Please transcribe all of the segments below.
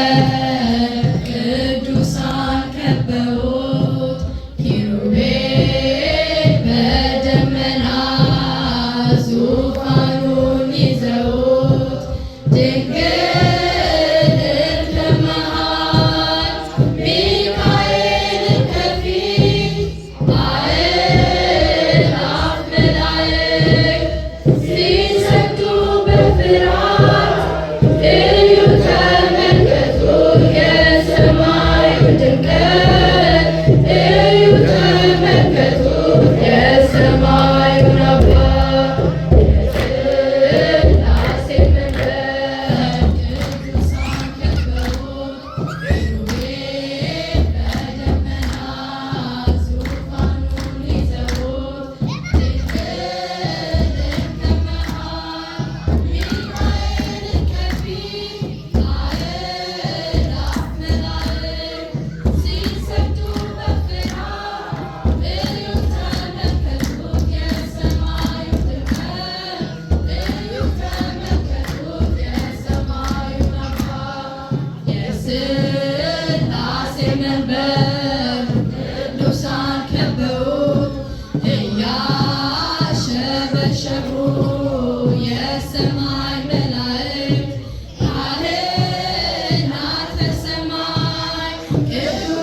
Yeah. Yeah.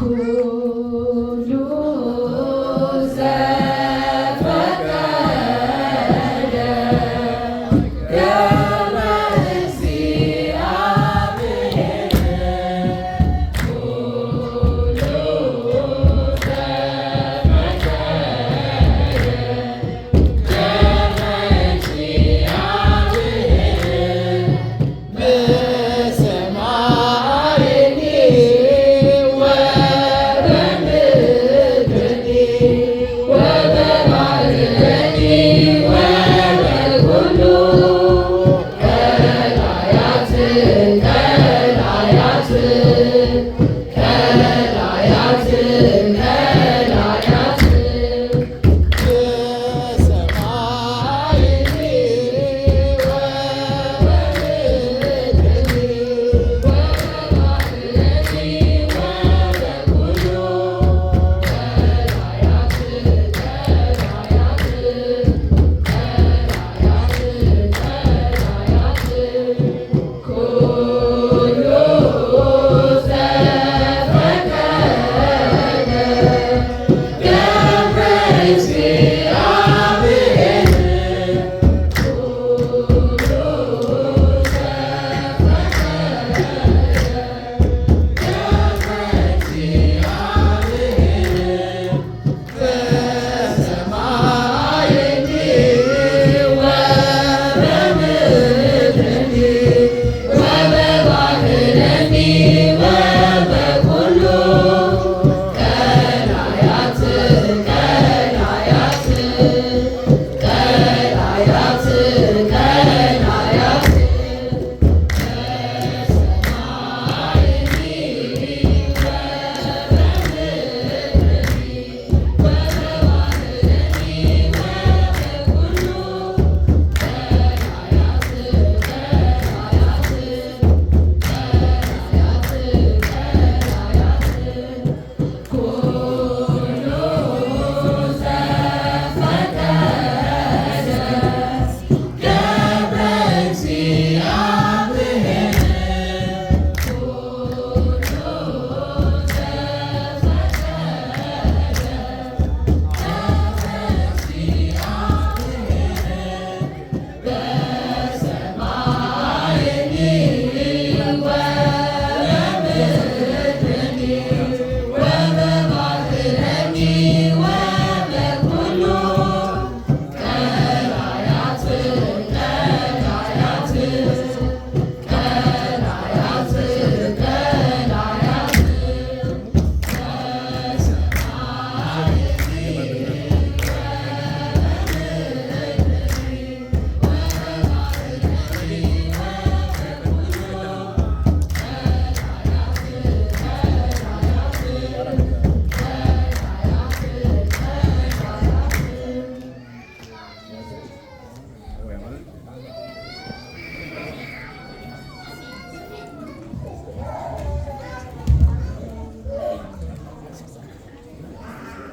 cool. Amém.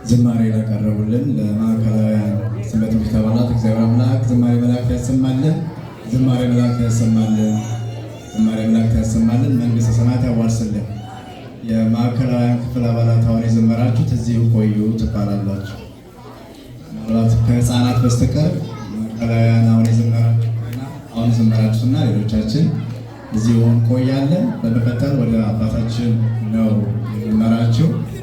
ዝማሬ ላቀረቡልን ለማዕከላውያን ሰንበት ትምህርት አባላት እግዚአብሔር አምላክ ዝማሬ መላእክት ያሰማልን፣ ዝማሬ መላእክት ያሰማልን፣ ዝማሬ መላእክት ያሰማልን፣ መንግሥተ ሰማያት ያዋርስልን። የማዕከላውያን ክፍል አባላት አሁን የዘመራችሁት እዚህ ቆዩ ትባላላችሁ። ምናልባት ከህፃናት በስተቀር ማዕከላውያን አሁን የዘመራችሁና አሁን የዘመራችሁና ሌሎቻችን እዚህ ሆን ቆያለን። በመቀጠል ወደ አባታችን ነው የምንመራችሁ።